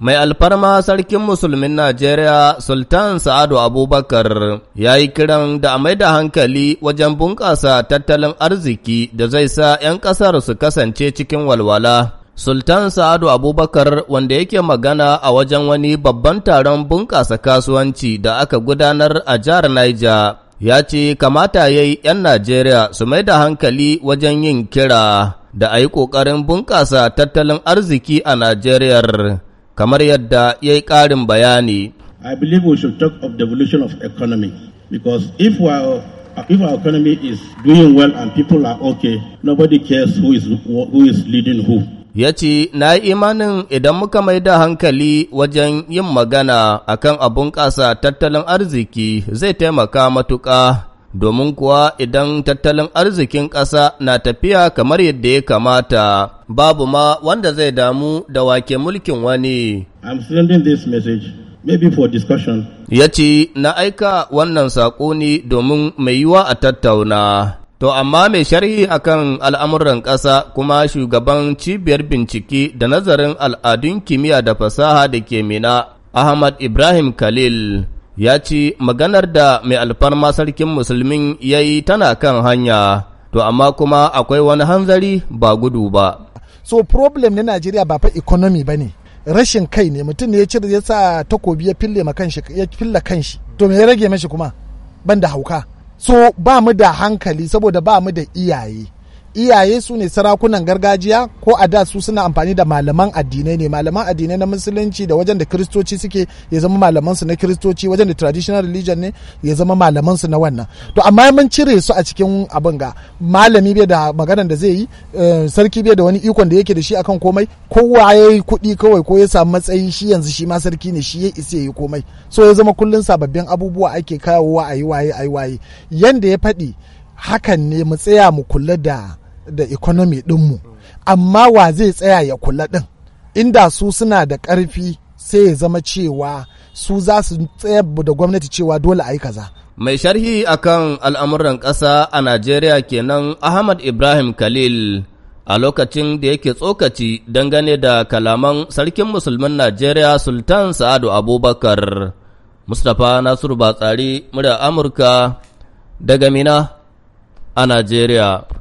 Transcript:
Mai alfarma sarkin musulmin Najeriya Sultan Sa'adu Abubakar ya yi kiran da a mai da hankali wajen bunƙasa tattalin arziki da zai sa ‘yan ƙasar su kasance cikin walwala. Sultan Sa'adu Abubakar wanda yake magana a wajen wani babban taron bunƙasa kasuwanci da aka gudanar a jihar Niger. ya ce kamata ya yi ‘yan Najeriya su mai da hankali wajen yin kira da a yi ƙoƙarin bunƙasa tattalin arziki a Najeriyar. kamar yadda ya yi ƙarin bayani. I believe we should talk of devolution of economy because if we are if our economy is doing well and people are okay, nobody cares who is who is leading who. Ya ce, Na yi imanin idan muka mai da hankali wajen yin magana akan abun ƙasa tattalin arziki zai taimaka matuƙa domin kuwa idan tattalin arzikin ƙasa na tafiya kamar yadda ya kamata, babu ma wanda zai damu da wake mulkin wani. I'm sending this message. Maybe for discussion. Ya ce, Na aika wannan saƙo ne domin mai yiwa a tattauna. To, amma mai sharhi akan al'amuran ƙasa kuma shugaban cibiyar bincike da nazarin al'adun kimiyya da fasaha da ke mina, Ahmad Ibrahim Khalil. ya ce maganar da mai alfarma sarkin musulmin ya yi tana kan hanya, to amma kuma akwai wani hanzari ba gudu ba. So problem na Najeriya ba fa economy ba ne, rashin kai ne mutum ne ya cire ya sa takobi ya fille ma kanshi ya filla kanshi to me ya rage mashi kuma ban da hauka so ba mu da hankali saboda ba mu da iyaye iyaye su ne sarakunan gargajiya ko a da su suna amfani da malaman addinai ne malaman addinai na musulunci da wajen da kristoci suke ya zama malaman su na kristoci wajen da traditional religion ne ya zama malaman su na wannan to amma mun cire su a cikin abin ga malami bai da maganar da zai yi eh, sarki bai da wani ikon da yake da shi akan komai kowa ya yi kuɗi kawai ko ya samu matsayi shi yanzu shi ma sarki ne shi ya isa ya yi komai so ya zama kullun sababbin abubuwa ake kawowa a yi waye a yi waye yanda ya faɗi hakan ne mu tsaya mu kula da da economy dinmu amma wa zai tsaya ya kula ɗin inda su suna da ƙarfi sai ya zama cewa su za su tsayar da gwamnati cewa dole a yi kaza mai sharhi akan al'amuran ƙasa a najeriya kenan ahmad ibrahim khalil a lokacin da yake tsokaci dangane da kalaman sarkin musulmin najeriya sultan sa'adu abubakar mustapha nasiru batsari murya amurka daga mina a najeriya